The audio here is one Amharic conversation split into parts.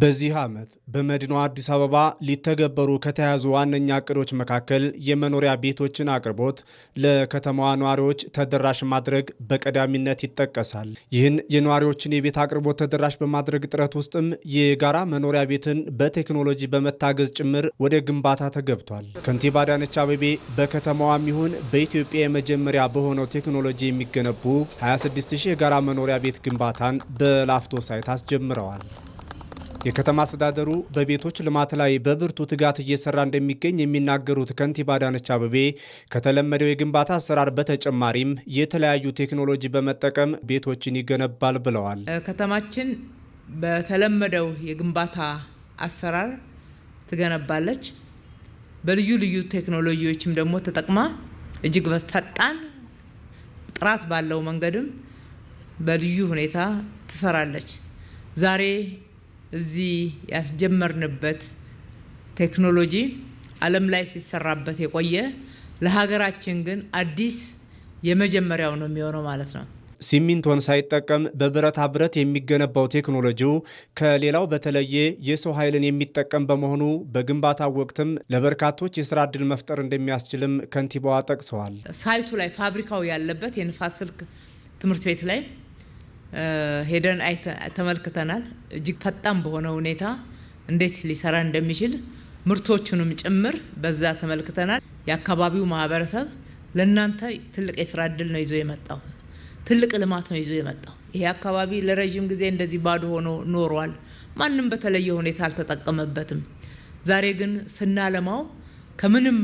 በዚህ ዓመት በመዲናዋ አዲስ አበባ ሊተገበሩ ከተያዙ ዋነኛ እቅዶች መካከል የመኖሪያ ቤቶችን አቅርቦት ለከተማዋ ነዋሪዎች ተደራሽ ማድረግ በቀዳሚነት ይጠቀሳል። ይህን የነዋሪዎችን የቤት አቅርቦት ተደራሽ በማድረግ ጥረት ውስጥም የጋራ መኖሪያ ቤትን በቴክኖሎጂ በመታገዝ ጭምር ወደ ግንባታ ተገብቷል። ከንቲባ አዳነች አቤቤ በከተማዋም ይሁን በኢትዮጵያ የመጀመሪያ በሆነው ቴክኖሎጂ የሚገነቡ 26000 የጋራ መኖሪያ ቤት ግንባታን በላፍቶ ሳይት አስጀምረዋል። የከተማ አስተዳደሩ በቤቶች ልማት ላይ በብርቱ ትጋት እየሰራ እንደሚገኝ የሚናገሩት ከንቲባ አዳነች አቤቤ ከተለመደው የግንባታ አሰራር በተጨማሪም የተለያዩ ቴክኖሎጂ በመጠቀም ቤቶችን ይገነባል ብለዋል። ከተማችን በተለመደው የግንባታ አሰራር ትገነባለች። በልዩ ልዩ ቴክኖሎጂዎችም ደግሞ ተጠቅማ እጅግ ፈጣን ጥራት ባለው መንገድም በልዩ ሁኔታ ትሰራለች ዛሬ እዚህ ያስጀመርንበት ቴክኖሎጂ ዓለም ላይ ሲሰራበት የቆየ ለሀገራችን ግን አዲስ የመጀመሪያው ነው የሚሆነው ማለት ነው። ሲሚንቶን ሳይጠቀም በብረታ ብረት የሚገነባው ቴክኖሎጂው ከሌላው በተለየ የሰው ኃይልን የሚጠቀም በመሆኑ በግንባታ ወቅትም ለበርካቶች የስራ እድል መፍጠር እንደሚያስችልም ከንቲባዋ ጠቅሰዋል። ሳይቱ ላይ ፋብሪካው ያለበት የንፋስ ስልክ ትምህርት ቤት ላይ ሄደን ተመልክተናል። እጅግ ፈጣን በሆነ ሁኔታ እንዴት ሊሰራ እንደሚችል ምርቶቹንም ጭምር በዛ ተመልክተናል። የአካባቢው ማህበረሰብ ለእናንተ ትልቅ የስራ እድል ነው ይዞ የመጣው፣ ትልቅ ልማት ነው ይዞ የመጣው። ይሄ አካባቢ ለረዥም ጊዜ እንደዚህ ባዶ ሆኖ ኖሯል። ማንም በተለየ ሁኔታ አልተጠቀመበትም። ዛሬ ግን ስናለማው ከምንም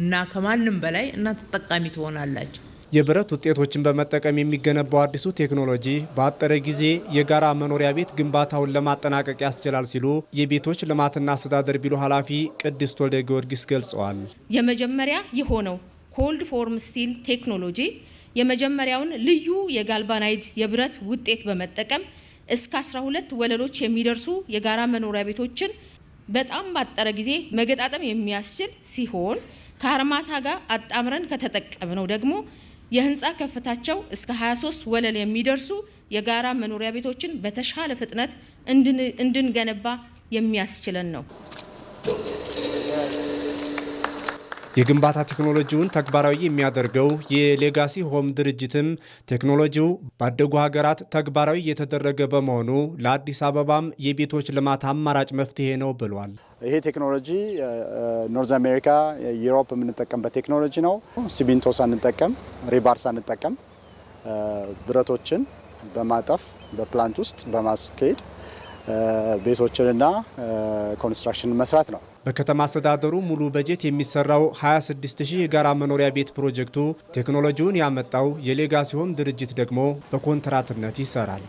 እና ከማንም በላይ እናንተ ተጠቃሚ ትሆናላችሁ። የብረት ውጤቶችን በመጠቀም የሚገነባው አዲሱ ቴክኖሎጂ በአጠረ ጊዜ የጋራ መኖሪያ ቤት ግንባታውን ለማጠናቀቅ ያስችላል ሲሉ የቤቶች ልማትና አስተዳደር ቢሮ ኃላፊ ቅድስት ወልደ ጊዮርጊስ ገልጸዋል። የመጀመሪያ የሆነው ኮልድ ፎርም ስቲል ቴክኖሎጂ የመጀመሪያውን ልዩ የጋልቫናይድ የብረት ውጤት በመጠቀም እስከ 12 ወለሎች የሚደርሱ የጋራ መኖሪያ ቤቶችን በጣም ባጠረ ጊዜ መገጣጠም የሚያስችል ሲሆን ከአርማታ ጋር አጣምረን ከተጠቀምነው ደግሞ የህንፃ ከፍታቸው እስከ 23 ወለል የሚደርሱ የጋራ መኖሪያ ቤቶችን በተሻለ ፍጥነት እንድንገነባ የሚያስችለን ነው። የግንባታ ቴክኖሎጂውን ተግባራዊ የሚያደርገው የሌጋሲ ሆም ድርጅትም ቴክኖሎጂው ባደጉ ሀገራት ተግባራዊ እየተደረገ በመሆኑ ለአዲስ አበባም የቤቶች ልማት አማራጭ መፍትሄ ነው ብሏል። ይሄ ቴክኖሎጂ ኖርዝ አሜሪካ፣ ዩሮፕ የምንጠቀምበት ቴክኖሎጂ ነው። ሲሚንቶ ሳንጠቀም፣ ሪባር ሳንጠቀም ብረቶችን በማጠፍ በፕላንት ውስጥ በማስኬድ ቤቶችንና ኮንስትራክሽን መስራት ነው። በከተማ አስተዳደሩ ሙሉ በጀት የሚሰራው 26000 የጋራ መኖሪያ ቤት ፕሮጀክቱ ቴክኖሎጂውን ያመጣው የሌጋ ሲሆን ድርጅት ደግሞ በኮንትራትነት ይሰራል።